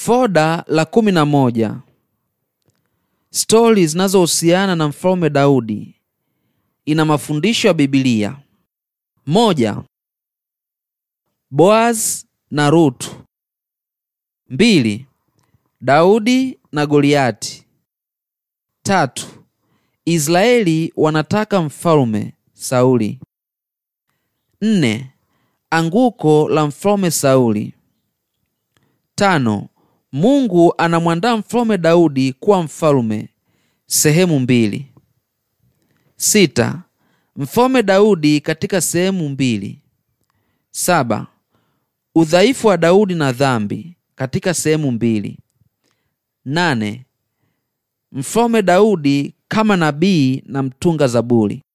Foda la kumi na moja. Stori zinazohusiana na Mfalme Daudi ina mafundisho ya Biblia. Moja, Boaz na Rutu. Mbili, Daudi na Goliati. Tatu, Israeli wanataka mfalme Sauli. Nne, anguko la mfalme Sauli. Tano, Mungu anamwandaa mfalme Daudi kuwa mfalme sehemu mbili. Sita, mfalme Daudi katika sehemu mbili. Saba, udhaifu wa Daudi na dhambi katika sehemu mbili. Nane, mfalme Daudi kama nabii na mtunga Zaburi.